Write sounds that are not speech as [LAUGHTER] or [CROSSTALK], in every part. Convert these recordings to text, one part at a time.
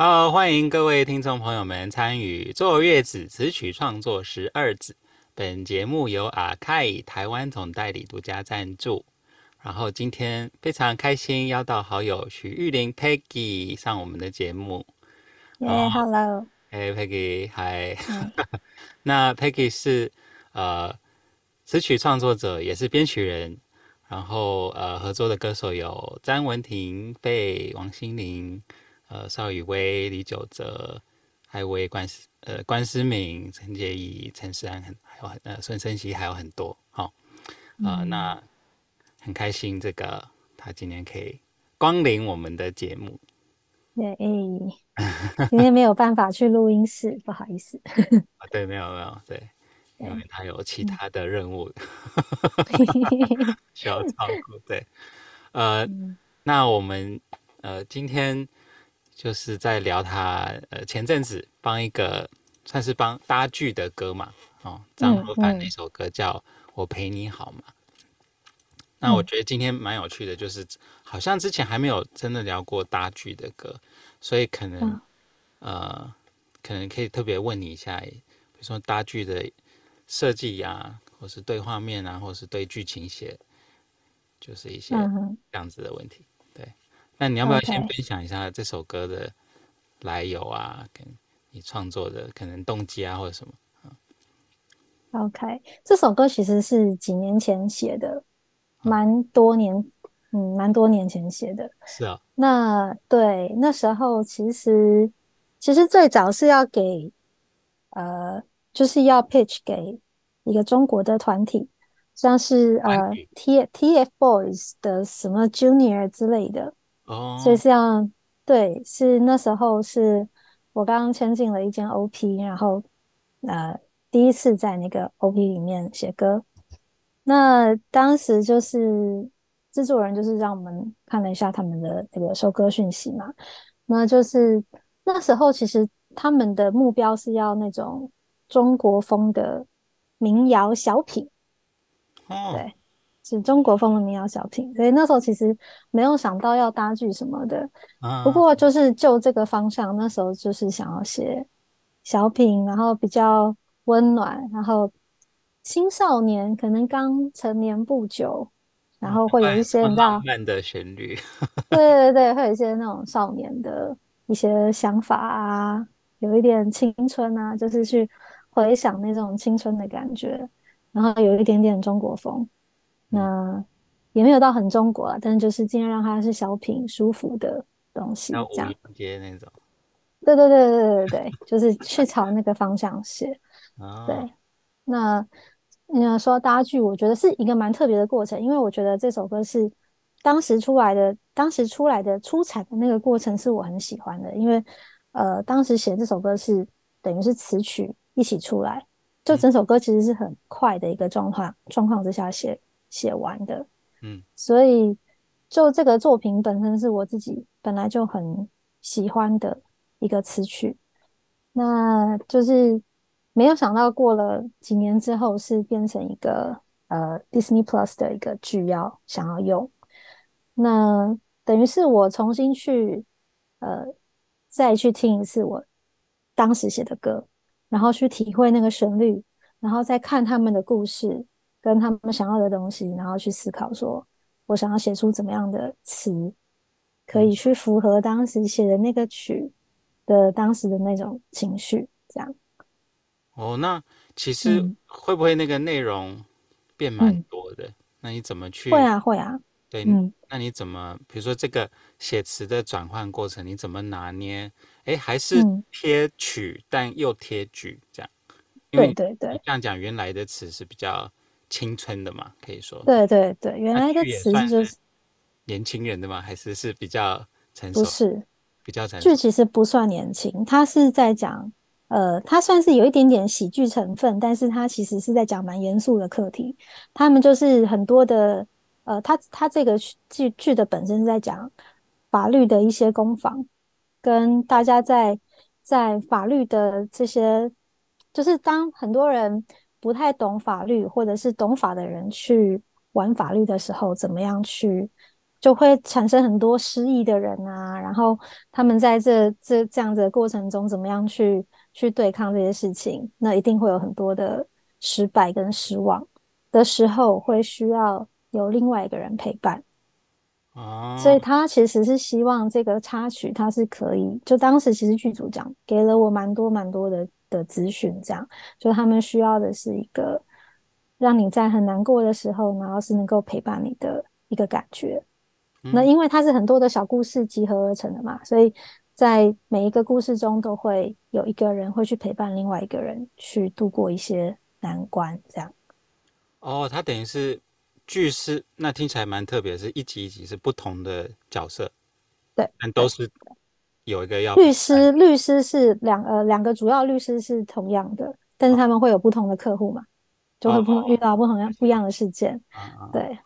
好，hello, 歡迎各位聽眾朋友們參與《做樂子詞曲創作十二子》。本節目由 AKAI 台灣總代理獨家贊助。然後今天非常開心，邀到好友許郁翎 Peggy 上我們的節目。你好 hey Peggy, hi. Hi. [LAUGHS] Peggy 嗨！那 Peggy 是呃詞曲創作者，也是編曲人。然後呃合作的歌手有詹雯婷、費王心凌。呃，邵雨薇、李玖哲，還有、呃、關思呃關詩敏、陳潔儀、陳思安很，很還有很呃孫盛希，還有很多，好，呃、嗯、那很開心，這個他今天可以光臨我們的節目。對、欸，今天沒有辦法去錄音室， [LAUGHS] 不好意思。 [LAUGHS] 啊，對，沒有沒有，對，因為他有其他的任務， [LAUGHS] 需要照顧。對，呃，嗯、那我們呃今天。就是在聊他呃前陣子幫一個算是幫搭劇的歌嘛，哦，張若凡那首歌叫《我陪你好嗎》。嗯嗯、那我覺得今天蠻有趣的，就是好像之前還沒有真的聊過搭劇的歌，所以可能呃可能可以特別問你一下，比如說搭劇的設計呀、啊，或是對畫面啊，或是對劇情寫，就是一些這樣子的問題、嗯。嗯那你要不要先分享一下這首歌的來由啊？Okay. 跟你創作的可能動機啊，或者什麼？OK，這首歌其實是幾年前寫的，哦、蠻多年，嗯，蠻多年前寫的。是啊、哦。那對，那時候其實其實最早是要給，呃，就是要 pitch 給一個中國的團體，像是於呃 T TF Boys 的什麼 Junior 之類的。哦，所以、uh、像對，是那時候是我剛剛簽進了一間 OP，然後呃，第一次在那個 OP 裡面寫歌。那當時就是製作人就是讓我們看了一下他們的那個收歌訊息嘛，那就是那時候其實他們的目標是要那種中國風的民謠小品，哦、uh，對。是中國風的民謠小品，所以那時候其實沒有想到要搭劇什麼的。不過就是就這個方向，啊、那時候就是想要寫小品，然後比較溫暖，然後青少年可能剛成年不久，然後會有一些、嗯、浪漫的旋律。 [LAUGHS] 對對對，會有一些那種少年的一些想法啊，有一點青春啊，就是去回想那種青春的感覺，然後有一點點中國風。那也沒有到很中國啊，但是就是盡量讓它是小品舒服的東西，這樣。那我接那種，對，對對對對對對， [LAUGHS] 就是去朝那個方向寫。啊、對，那你要說搭劇，我覺得是一個蠻特別的過程，因為我覺得這首歌是當時出來的，當時出來的出彩的那個過程是我很喜歡的，因為呃，當時寫這首歌是等於是詞曲一起出來，就整首歌其實是很快的一個狀況狀況之下寫。寫完的，嗯，所以就這個作品本身是我自己本來就很喜歡的一個詞曲，那就是沒有想到過了幾年之後是變成一個呃 Disney Plus 的一個劇要想要用，那等於是我重新去呃再去聽一次我當時寫的歌，然後去體會那個旋律，然後再看他們的故事，跟他們想要的東西，然後去思考，說我想要寫出怎麼樣的詞，可以去符合當時寫的那個曲的當時的那種情緒，這樣。哦，那其實會不會那個內容變蠻多的？嗯、那你怎麼去？會啊，會啊。對，嗯，那你怎麼，比如說這個寫詞的轉換過程，你怎麼拿捏？哎，還是貼曲、嗯、但又貼句這樣？對對對，這樣講原來的詞是比較。青春的嘛，可以說對對對，原來一個詞是就是、啊、年輕人的嘛，還是是比較成熟，不是比較成熟劇其實不算年輕，他是在講呃，他算是有一點點喜劇成分，但是他其實是在講蠻嚴肅的課題。他們就是很多的呃，他他這個劇劇的本身是在講法律的一些攻防，跟大家在在法律的這些，就是當很多人。不太懂法律，或者是懂法的人去玩法律的時候，怎麼樣去，就會產生很多失意的人啊。然後他們在這這這樣子的過程中，怎麼樣去去對抗這些事情，那一定會有很多的失敗跟失望的時候，會需要有另外一個人陪伴。啊。所以他其實是希望這個插曲，他是可以就當時其實劇組講，給了我蠻多蠻多的。的諮詢，這樣就他們需要的是一個讓你在很難過的時候，然後是能夠陪伴你的一個感覺。嗯，那因為它是很多的小故事集合而成的嘛，所以在每一個故事中都會有一個人會去陪伴另外一個人去度過一些難關。這樣哦，它等於是句式，那聽起來蠻特別，是一集一集是不同的角色，對，但都是。有一個要律師，啊、律師是兩呃兩個主要律師是同樣的，但是他們會有不同的客戶嘛，就會碰、哦哦、遇到不同樣不一樣的事件。對、哦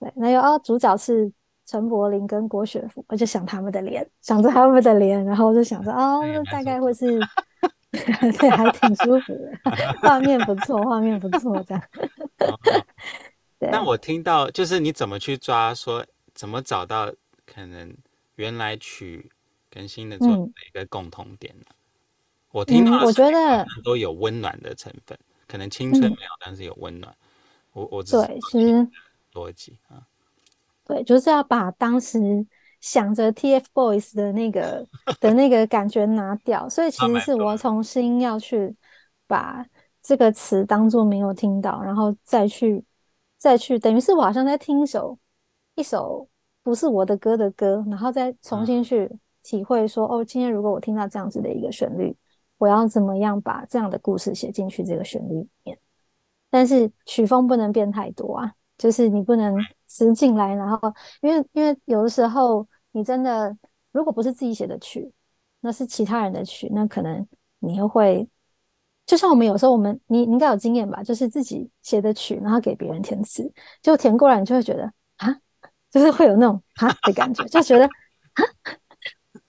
哦、對，那有哦，主角是陳柏霖跟郭雪芙，我就想他們的臉，想着他們的臉，然後我就想着、嗯、哦，嗯、大概會是，嗯、 [LAUGHS] 對，還挺舒服的，畫面不錯，畫面不錯這樣。那我聽到就是你怎麼去抓說，怎麼找到可能原來取。跟新的作品一個共同點、啊、我聽我覺得都有溫暖的成分，嗯、可能青春沒有，嗯、但是有溫暖。我我只是對其實邏輯啊，對，就是要把當時想着 TFBOYS 的那個的那個感覺拿掉， [LAUGHS] 所以其實是我重新要去把這個詞當做沒有聽到，然後再去再去，等於是我好像在聽一首一首不是我的歌的歌，然後再重新去。嗯體會說哦，今天如果我聽到這樣子的一個旋律，我要怎麼樣把這樣的故事寫進去這個旋律裡面？但是曲風不能變太多啊，就是你不能直進來，然後因為因為有的時候你真的如果不是自己寫的曲，那是其他人的曲，那可能你又會就像我們有時候我們你，你應該有經驗吧，就是自己寫的曲，然後給別人填詞，就填過來，你就會覺得啊，就是會有那種蛤的感覺，就覺得蛤。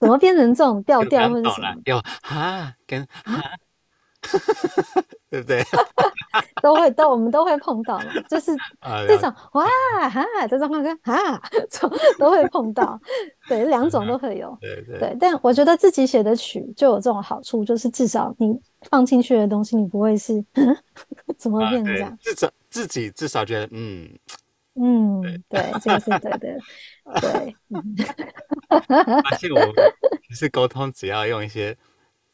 怎麼變成這種調調或者什麼調？有，有哈跟，哈、啊、 [LAUGHS] 對不對？ [LAUGHS] 都會都我們都會碰到嘛，就是這種、啊、哇哈這種話跟哈都，都會碰到， [LAUGHS] 對，兩種都可以有。啊、對對，對。但我覺得自己寫的曲就有這種好處，就是至少你放進去的東西，你不會是 [LAUGHS] 怎麼變成這樣。自己至少覺得嗯。嗯，對，對這個是對的。對，嗯、發現我其實溝通只要用一些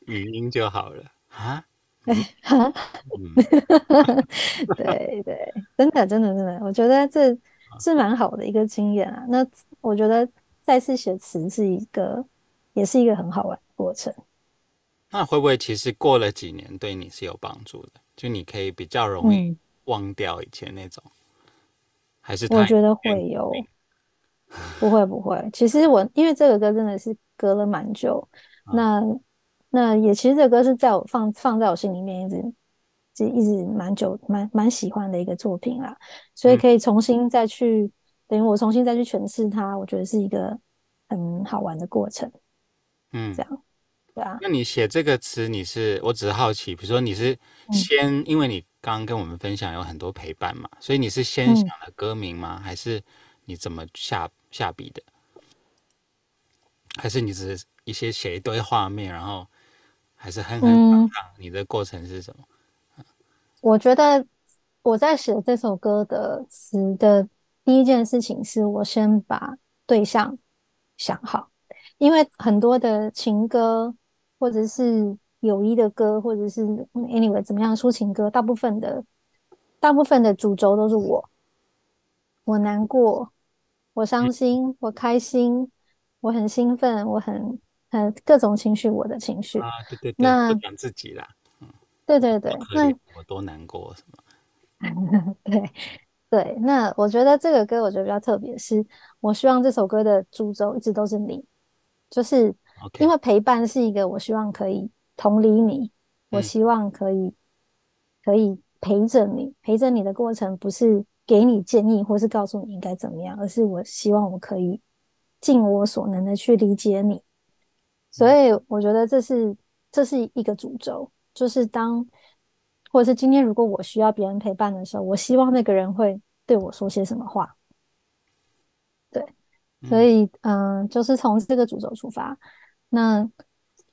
語音就好了啊。對嗯，欸、嗯 [LAUGHS] 對對，真的真的真的，我覺得這是蠻好的一個經驗啊。啊那我覺得再次寫詞是一個，也是一個很好玩的過程。那會不會其實過了幾年，對你是有幫助的？就你可以比較容易忘掉以前那種。嗯還是我覺得會有，對 不會不會。其實我因為這個歌真的是隔了蠻久，啊、那那也其實這個歌是在我放放在我心裡面一直就一直蠻久蠻蠻喜歡的一個作品啦，所以可以重新再去等於我重新再去詮釋它，我覺得是一個很好玩的過程。嗯，這樣對啊、嗯。那你寫這個詞，你是我只是好奇，比如說你是先因為你。剛剛跟我們分享有很多陪伴嘛，所以你是先想了歌名嗎？嗯、還是你怎麼下下筆的？還是你只是一些寫一堆畫面，然後還是很很、嗯啊、你的過程是什麼？我覺得我在寫這首歌的詞的第一件事情是我先把對象想好，因為很多的情歌或者是。友誼的歌，或者是 anyway 怎麼樣抒情歌，大部分的大部分的主軸都是我，我難過，我傷心，嗯、我開心，我很興奮，我很很各種情緒，我的情緒啊，對對對，講那自己啦，嗯、對對對，那我多難過什麼， [LAUGHS] 對對，那我覺得這個歌我覺得比較特別，是我希望這首歌的主軸一直都是你，就是因為陪伴是一個，我希望可以。同理你，我希望可以可以陪着你，陪着你的過程不是給你建議或是告訴你應該怎麼樣，而是我希望我可以盡我所能的去理解你。所以我覺得這是這是一個主軸，就是當或是今天如果我需要別人陪伴的時候，我希望那個人會對我說些什麼話。對，所以嗯、呃，就是從這個主軸出發，那。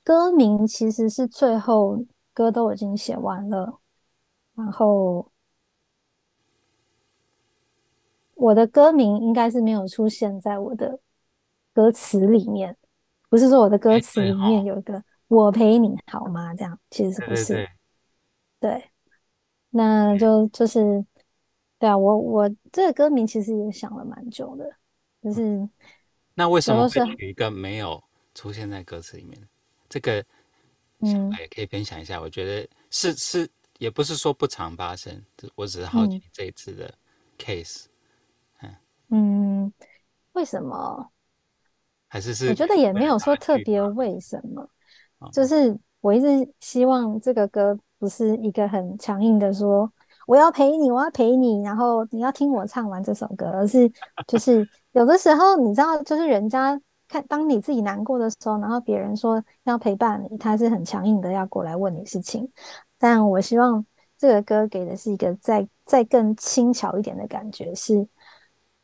歌名其實是最後歌都已經寫完了，然後我的歌名應該是沒有出現在我的歌詞裡面，不是說我的歌詞裡面有一個“我陪你好嗎”這樣，其實是不是？對，對，對，對，那就就是對啊，我我這個歌名其實也想了蠻久的，就是那為什麼是有一個沒有出現在歌詞裡面呢？這個，嗯，也可以分享一下。嗯、我覺得是是，也不是說不常發生，我只是好奇這一次的 case。嗯，嗯為什麼？還是是？我覺得也沒有說特別為什麼。嗯、就是我一直希望這個歌不是一個很強硬的說我要陪你，我要陪你，然後你要聽我唱完這首歌，而是就是有的時候你知道，就是人家。 [LAUGHS] 當你自己難過的時候，然後別人說要陪伴你，他是很強硬的要過來問你事情。但我希望這個歌給的是一個再再更輕巧一點的感覺，是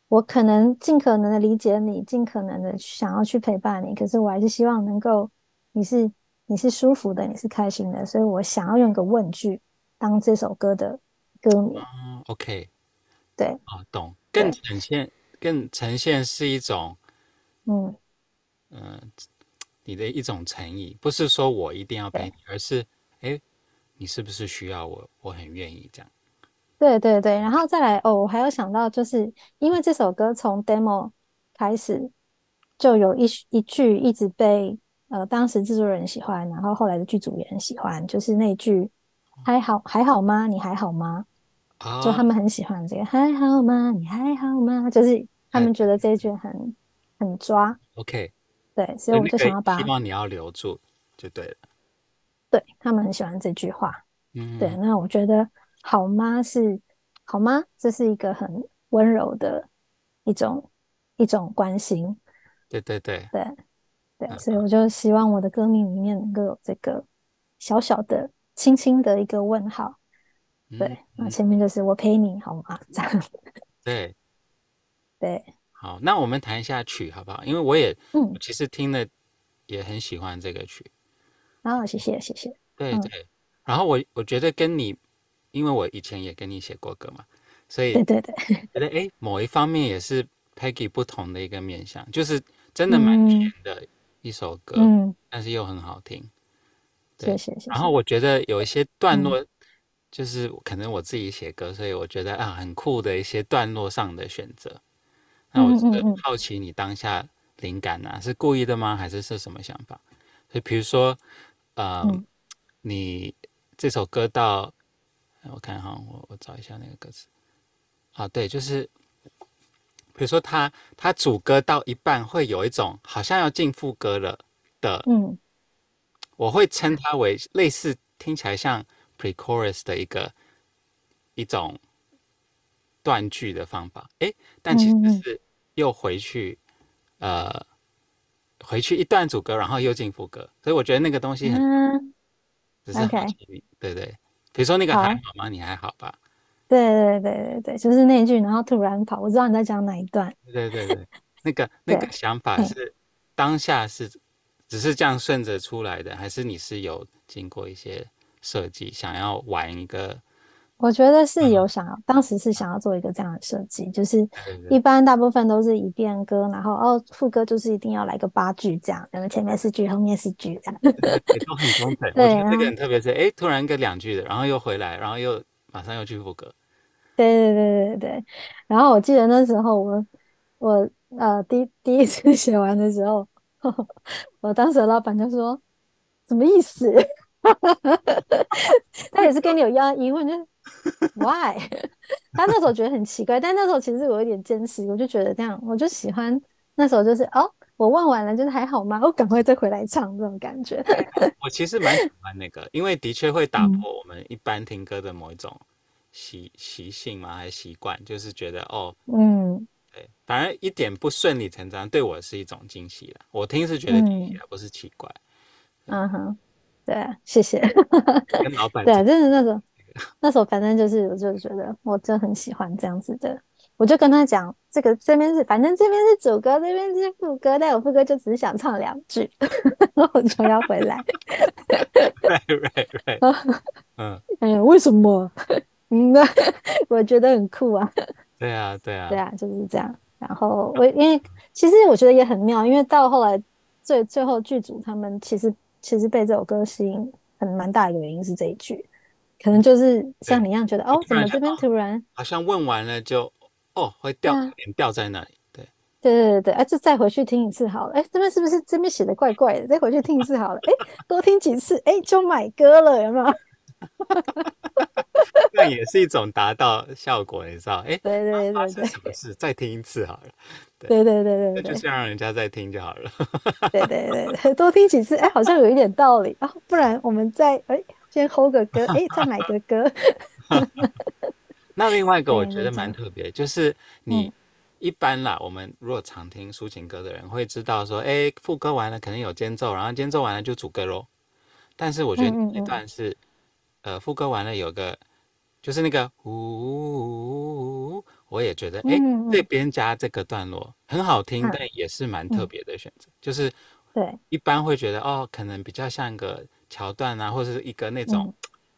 我可能盡可能的理解你，盡可能的想要去陪伴你，可是我還是希望能夠你是你是舒服的，你是開心的，所以我想要用個問句當這首歌的歌名。Uh, OK，對，好，懂，更呈現對更呈現是一種，嗯。嗯、呃，你的一種誠意，不是說我一定要陪你，對而是，哎、欸，你是不是需要我？我很願意這樣。對對對，然後再來哦，我還有想到，就是因為這首歌從 demo 開始就有一一句一直被呃，當時制作人喜歡，然後後來的劇組也很喜歡，就是那句“還好還好嗎？你還好嗎？”啊、就他們很喜歡這個“還好嗎？你還好嗎？”就是他們覺得這一句很、欸、很抓。OK。對，所以我就想要把希望你要留住就對了。對，他們很喜歡這句話。嗯，對，那我覺得“好嗎”是“好嗎”，這是一個很溫柔的一種一種關心。對對對。對對，對嗯、所以我就希望我的歌名裡面能夠有這個小小的、輕輕的一個問號。嗯、對，那前面就是“我陪你好嗎”嗯、這樣。對。對。好，那我們談一下曲好不好？因為我也、嗯、我其實聽了也很喜歡這個曲。好、哦，謝謝謝謝。嗯、對對，然後我我覺得跟你，因為我以前也跟你寫過歌嘛，所以對對對，覺得誒某一方面也是 Pg 不同的一個面向，就是真的蠻甜的一首歌，嗯，嗯但是又很好聽。對，謝謝謝謝。然後我覺得有一些段落，嗯、就是可能我自己寫歌，所以我覺得啊，很酷的一些段落上的選擇。那我真的好奇，你當下靈感啊，嗯嗯嗯是故意的嗎？還是是什麼想法？就比如說，呃，嗯、你這首歌到，我看哈，我我找一下那個歌詞。啊，對，就是，比如說他他主歌到一半會有一種好像要進副歌了的，嗯，我會稱它為類似聽起來像 pre-chorus 的一個一種。斷句的方法，哎，但其實是又回去，嗯、呃，回去一段主歌，然後又進副歌，所以我覺得那個東西很、嗯、只是，OK，對對，比如說那個還好嗎？好你還好吧？對對對對對，就是那一句，然後突然跑，我知道你在講哪一段。對，對對對，那個 [LAUGHS] 對那個想法是、嗯、當下是只是這樣順着出來的，還是你是有經過一些設計，想要玩一個？我覺得是有想要，嗯、哼當時是想要做一個這樣的設計，就是一般大部分都是以變歌，對對然後哦副歌就是一定要來個八句這樣，然後前面四句，後面四句這樣，對對對都 [LAUGHS] 對個特別是，是對誒突然個兩句的，然後又回來，然後又馬上又去副歌。對對對對對。然後我記得那時候我我呃第一第一次寫完的時候，呵呵我當時的老闆就說什麼意思？ [LAUGHS] 他也是跟你有一樣疑問， [LAUGHS] 或者就是 [LAUGHS] Why？他那時候覺得很奇怪，但那時候其實我有點堅持，我就覺得這樣，我就喜歡。那時候就是哦，我問完了，就是還好嗎？我趕快再回來唱這種感覺。 [LAUGHS] 我其實蠻喜歡那個，因為的確會打破我們一般聽歌的某一種習習、嗯、性嘛，還習慣，就是覺得哦，嗯，對，反而一點不順理成章，對我是一種驚喜了。我聽是覺得驚喜，而、嗯、不是奇怪。嗯哼。啊對、啊，謝謝。 [LAUGHS] 跟老闆對、啊，就是那種，那時候反正就是，我就覺得我真很喜歡這樣子的。我就跟他講，這個這邊是，反正這邊是主歌，這邊是副歌，但我副歌就只想唱兩句，然 [LAUGHS] 後我就要回來。對對對。嗯，哎呀，為什麼？嗯， [LAUGHS] 我覺得很酷啊。 [LAUGHS] 對啊，對啊。對啊，就是這樣。然後我因為其實我覺得也很妙，因為到後來最最後劇組他們其實。其實被這首歌吸引很蠻大的原因是這一句，可能就是像你一樣覺得對哦，怎麼這邊突然，突然像、哦、好像問完了就哦會掉、啊、掉在那裡對對對對對，哎、啊，就再回去聽一次好了，哎，這邊是不是這邊寫的怪怪的？再回去聽一次好了，哎， [LAUGHS] 多聽幾次，哎，就買歌了有沒有？ [LAUGHS] [LAUGHS] 那也是一種達到效果是，你知道？哎，對，對對對對，媽媽什麼事？再聽一次好了。對對，對對對對，就是讓人家在聽就好了。對對對， [LAUGHS] 多聽幾次，哎，好像有一點道理 [LAUGHS] 啊。不然我們再哎，先吼個歌，哎，再買個歌。 [LAUGHS] [LAUGHS] 那另外一個我覺得蠻特別，對就是你、嗯、一般啦，我們如果常聽抒情歌的人會知道說，哎，副歌完了可能有間奏，然後間奏完了就主歌嘍。但是我覺得那段是，嗯嗯、呃，副歌完了有個，就是那個。我也覺得，哎，這邊加這個段落很好聽，但也是蠻特別的選擇。就是，對，一般會覺得，哦，可能比較像個橋段啊，或者一個那種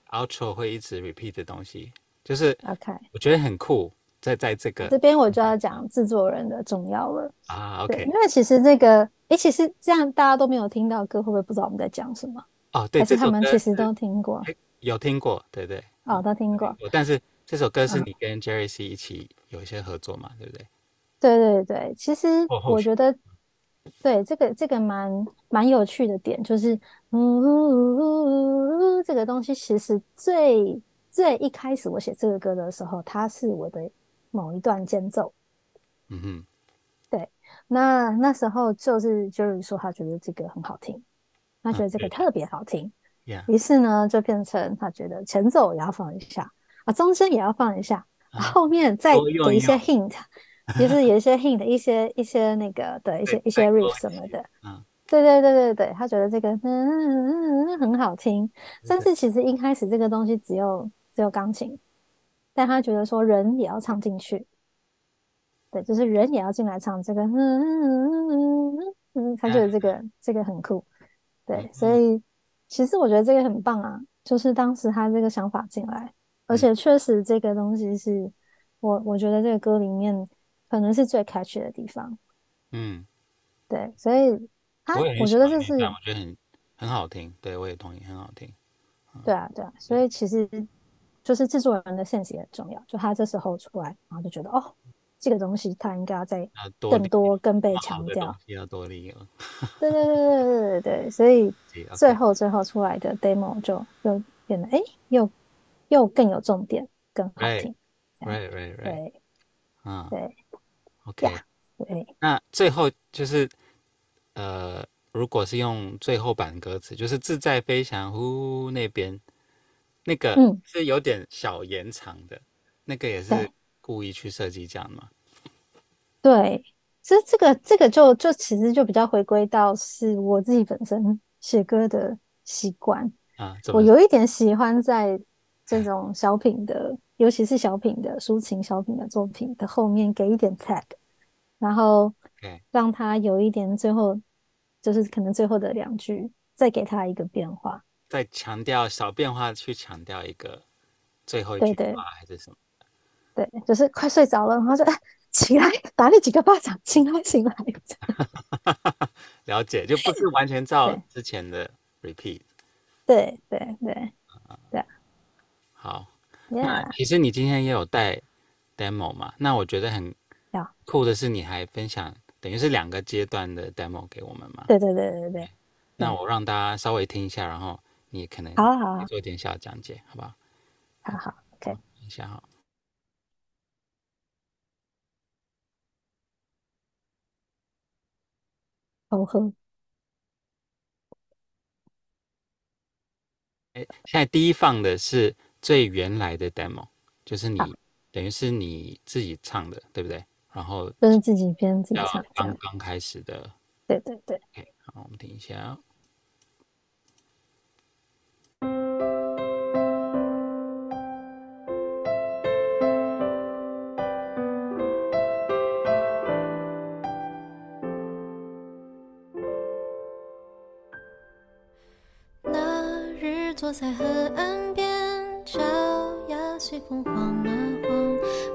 outro 會一直 repeat 的東西。就是，OK，我覺得很酷，在在這個這邊我就要講製作人的重要了啊，OK，因為其實這個，哎，其實這樣大家都沒有聽到歌，會不會不知道我們在講什麼？哦，對，還是他們其實都聽過，有聽過，對對，哦，都聽過，但是這首歌是你跟 Jerry C 一起有一些合作嘛，對不對？對對對，其實我覺得，續對這個這個蠻蠻有趣的點就是，嗯，這個東西其實最最一開始我寫這個歌的時候，它是我的某一段間奏。嗯哼，對，那那時候就是就是說他覺得這個很好聽，他覺得這個特別好聽，啊，於是呢就變成他覺得前奏也要放一下啊，中間也要放一下。後面再給一些 hint，就是有一些 hint， [LAUGHS] 一些一些那個的一些對一些 riff 什麼的，對對對、嗯、對對對，他覺得這個嗯嗯嗯嗯很好聽，但是其實一開始這個東西只有只有鋼琴，但他覺得說人也要唱進去，對，就是人也要進來唱這個嗯嗯嗯嗯嗯嗯，他覺得這個這個很酷，對，嗯、所以其實我覺得這個很棒啊，就是當時他這個想法進來。而且確實，這個東西是我我覺得這個歌裡面可能是最 catch 的地方。嗯，對，所以他，啊、我，我覺得這是我覺得很，很好聽，對我也同意很好聽。嗯、對啊，對啊，所以其實就是制作人的現實也很重要，就他這時候出來，然後就覺得哦，這個東西他應該要再更多、多更被強調，要多利用。對 [LAUGHS] 對對對對對對，所以最後最後出來的 demo 就就變得誒又。又更有重點，更好聽 Right. Yeah.，Right, right, right. 嗯，對，OK, OK Yeah. Right. 那最後就是，呃，如果是用最後版歌詞，就是自在飛翔呼呼，嗚，那邊那個是有點小延長的，嗯、那個也是故意去設計這樣嗎對？對，其實這個這個就就其實就比較回歸到是我自己本身寫歌的習慣啊，我有一點喜歡在。這種小品的，尤其是小品的抒情小品的作品的後面，給一點 tag，然後，讓他有一點最後，Okay. 就是可能最後的兩句，再給他一個變化，再強調小變化去強調一個最後一句話對還是什麼？對，就是快睡着了，然後說：“哎、啊，起來，打你幾個巴掌，起來，起來，醒來。”了解，就不是完全照之前的 repeat。對對對。對好，Yeah. 那其實你今天也有帶 demo 嘛，那我覺得很，酷的是你還分享，等於是兩個階段的 demo 給我們嘛。對,對對對對對。那我讓大家稍微聽一下，嗯，然後你可能，好，好，做點小講解，好不好？好好，OK，等一下哈，哦。好喝。哎，現在第一放的是。最原來的 demo 就是你，啊、等於是你自己唱的，對不對？然後就是自己編、自己唱，剛剛開始的。對，對對對。Okay, 好，我們聽一下。那日坐在河岸邊。小鴨隨風晃啊晃。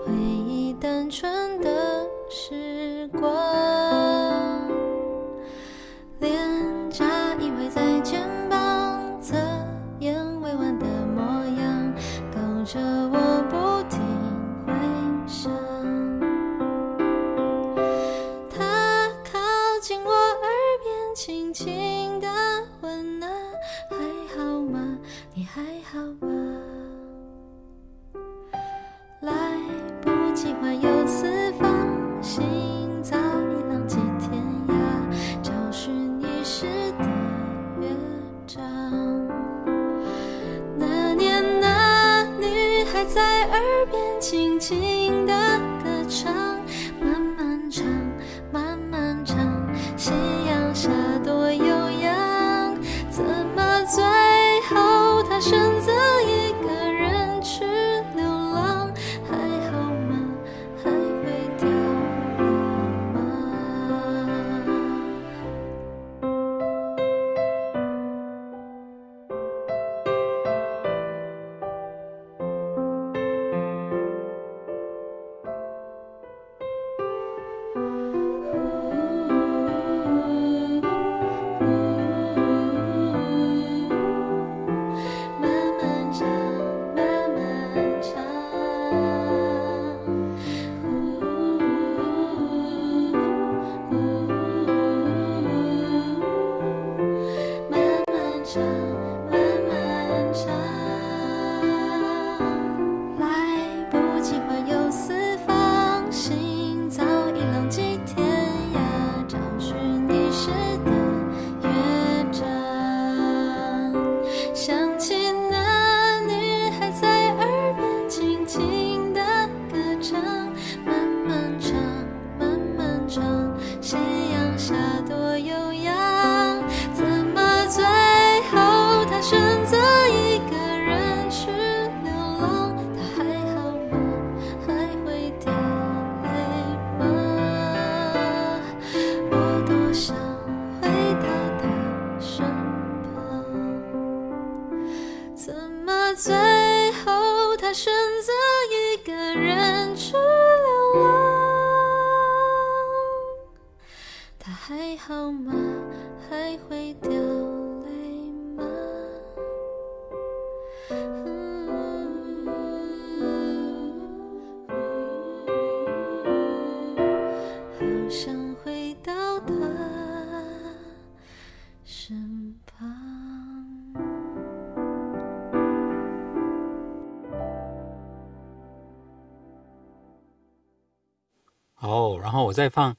我再放，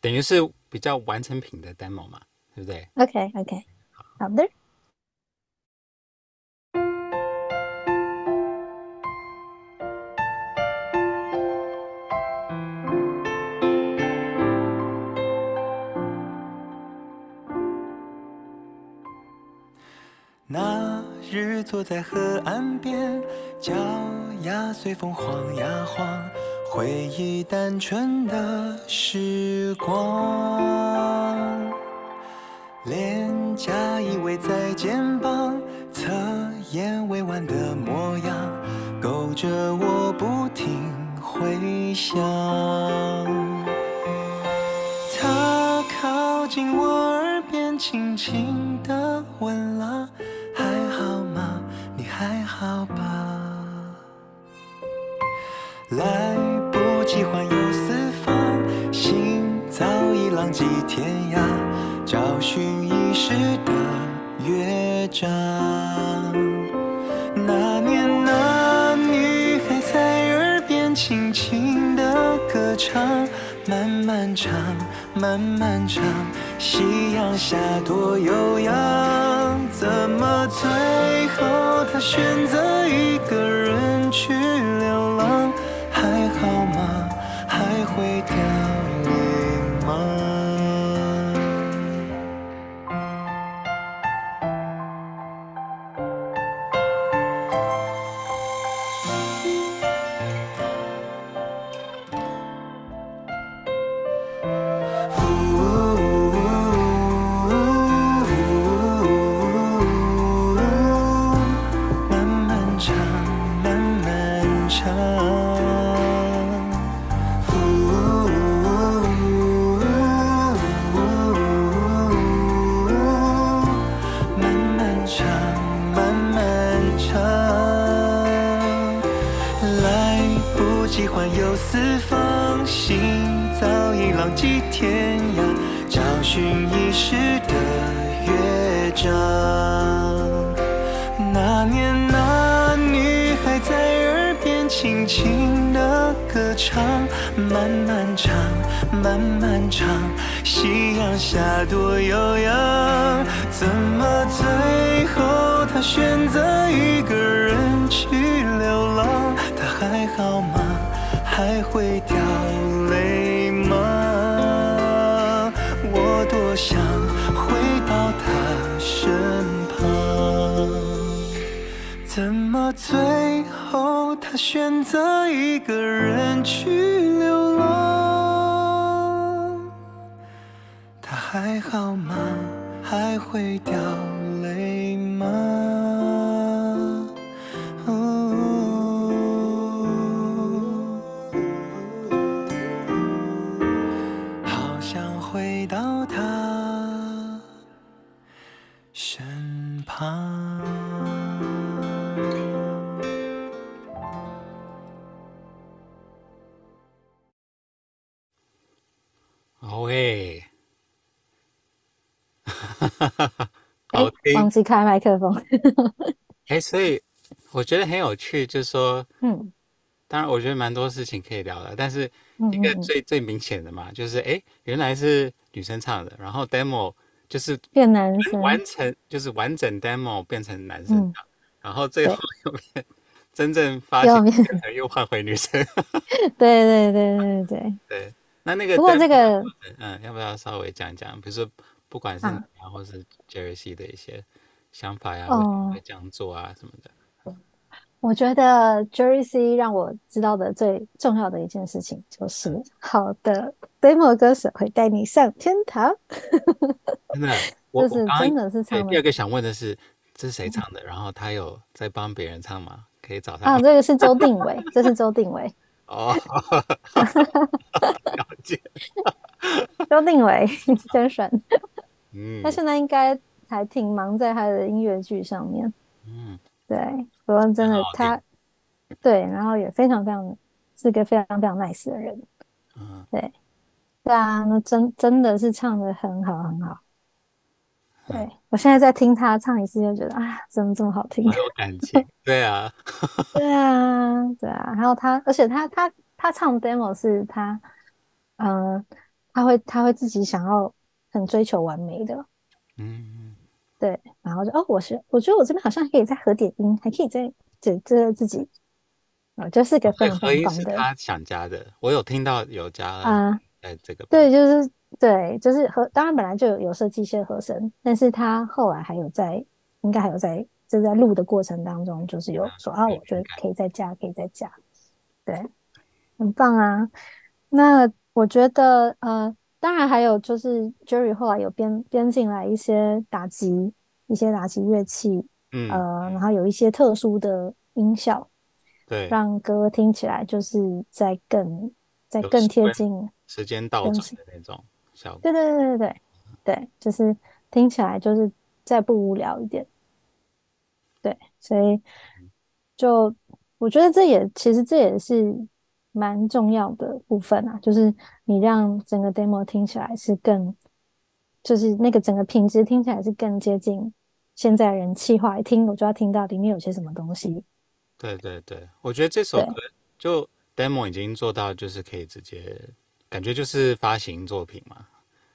等於是比較完成品的 demo 嘛，對不對？OK OK，好的。那日坐在河岸邊，腳丫隨風晃呀晃。回憶單純的時光，臉頰依偎在肩膀，側顏微彎的模樣，勾着我不停回想。他靠近我耳邊，輕輕的問了：還好嗎？你還好吧？來。環遊四方，心早已浪跡天涯，找尋遺失的樂章。那年那、啊、女孩在耳邊輕輕的歌唱，慢慢唱，慢慢唱，夕陽下多悠揚。怎麼最後她選擇一個人去流浪？會掉。會掉淚嗎？我多想回到他身旁，怎麼最後他選擇一個人去流浪？他還好嗎？還會掉淚？是開麥克風，哎，所以我覺得很有趣，就是說，嗯，當然我覺得蠻多事情可以聊的，但是一個最最明顯的嘛，就是哎，原來是女生唱的，然後 demo 就是變男生，完成就是完整 demo 變成男生唱，然後最後又變真正發行又換回女生，對對對對對對，那那個不過這個嗯，要不要稍微講一講？比如說不管是然後是 Jerry C 的一些。想法呀、啊，oh, 會這樣做啊什麼的。我覺得 Jerry C 讓我知道的最重要的一件事情就是，好的、嗯、demo 歌手會帶你上天堂。 [LAUGHS] 真的、啊，我 [LAUGHS] 就是真的是唱的剛剛、欸。第二個想問的是，這是誰唱的？嗯、然後他有在幫別人唱嗎？可以找他。 [LAUGHS] 啊，這個是周定偉，這是周定偉。哦 [LAUGHS] ，oh, [LAUGHS] 了解。 [LAUGHS] [LAUGHS] 周定偉真神， [LAUGHS] 嗯，他現在應該。還挺忙在他的音樂劇上面，嗯，對，不過真的他，對，然後也非常非常是個非常非常 nice 的人，嗯，對，對啊，那真真的是唱的很好很好，對、嗯、我現在在聽他唱一次就覺得啊，真的這麼好聽，有感情， [LAUGHS] 對啊，對啊，對啊，然後他，而且他他他唱 demo 是他，嗯、呃，他會他會自己想要很追求完美的，嗯。對，然後就哦，我是，我覺得我這邊好像可以再合點音，還可以再這這，這自己，哦，這是個常很棒的。他想加的，我有聽到有加在啊，哎，這個對，就是對，就是和。當然本來就有有設計一些和聲，但是他後來還有在，應該還有在正在錄的過程當中，就是有說啊，嗯、所我覺得可以，該可以再加，可以再加，對，很棒啊。那我覺得呃。當然，還有就是 Jerry 後來有編編進來一些打擊，一些打擊樂器，嗯、呃、然後有一些特殊的音效，對，讓歌聽起來就是再更再更貼近時間倒轉的那種效果。對對對對對、嗯、對，就是聽起來就是再不無聊一點。對，所以就我覺得這也其實這也是。蠻重要的部分啊，就是你讓整個 demo 聽起來是更，就是那個整個品質聽起來是更接近現在人氣化聽，我就要聽到裡面有些什麼東西。對對對，我覺得這首歌對就 demo 已經做到就是可以直接，感覺就是發行作品嘛。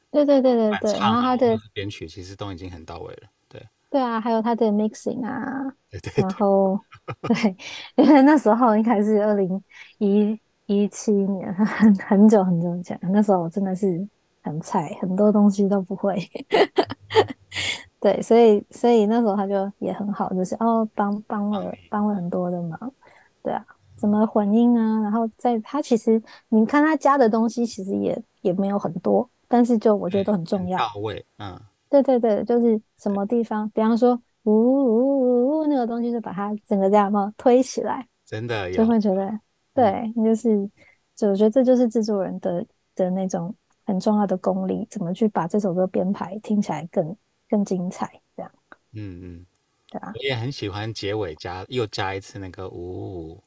對對對對對，然後他的編對曲其實都已經很到位了。對對啊，還有他的 mixing 啊，對對對，然後 [LAUGHS] 對，因為那時候應該是二零一一七年，很很久很久以前，那時候我真的是很菜，很多東西都不會。 [LAUGHS] 對，所以所以那時候他就也很好，就是哦幫幫我幫了很多的忙。對啊，什麼混音啊，然後在他其實你看他加的東西，其實也也沒有很多，但是就我覺得都很重要。欸、到位、嗯，對對對，就是什麼地方，比方說，嗚嗚嗚，那個東西就把它整個這樣嘛推起來，真的就會覺得。對，就是，就我覺得這就是製作人的的那種很重要的功力，怎麼去把這首歌編排聽起來更更精彩，這樣。嗯嗯，對啊，我也很喜歡結尾加又加一次那個五五五。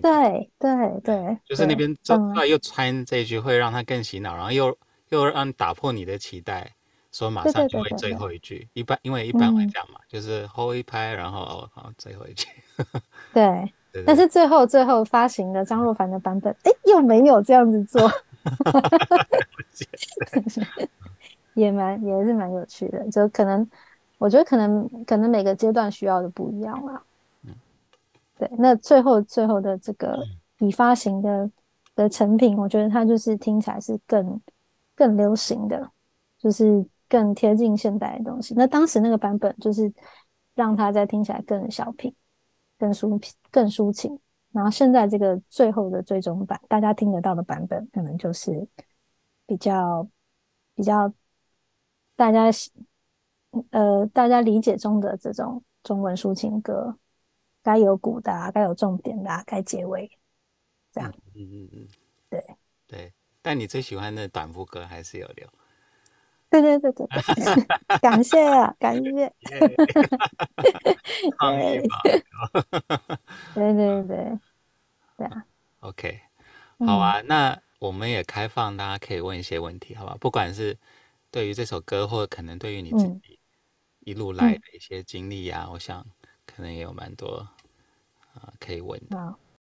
對對對，對就是那邊再對又穿這一句，會讓他更洗腦，嗯、然後又又讓打破你的期待，說馬上就會最後一句。對對對對一般因為一般來講嘛，嗯、就是 hold 一拍，然後好最後一句。 [LAUGHS] 對。對對對，但是最後最後發行的張若凡的版本，哎、欸，又沒有這樣子做， [LAUGHS] [LAUGHS] 也蠻也是蠻有趣的。就可能我覺得可能可能每個階段需要的不一樣啦。嗯、對，那最後最後的這個已發行的、嗯、的成品，我覺得它就是聽起來是更更流行的，就是更貼近現代的東西。那當時那個版本就是讓它在聽起來更小品。更抒更抒情，然後現在這個最後的最終版，大家聽得到的版本，可能就是比較比較大家呃大家理解中的這種中文抒情歌，該有鼓的、啊，該有重點的、啊，該結尾，這樣。嗯嗯嗯。嗯嗯對。對，但你最喜歡的短副歌還是有留。 [LAUGHS] 對，對，對對對對，感謝啊感謝， [LAUGHS] yeah, [LAUGHS] 吧 [LAUGHS] 對對對對啊 [LAUGHS] ，OK、嗯、好啊，那我們也開放，大家可以問一些問題，好不好？不管是對於這首歌，或者可能對於你自己一路來的一些經歷呀、啊，嗯嗯、我想可能也有蠻多、呃、可以問的。好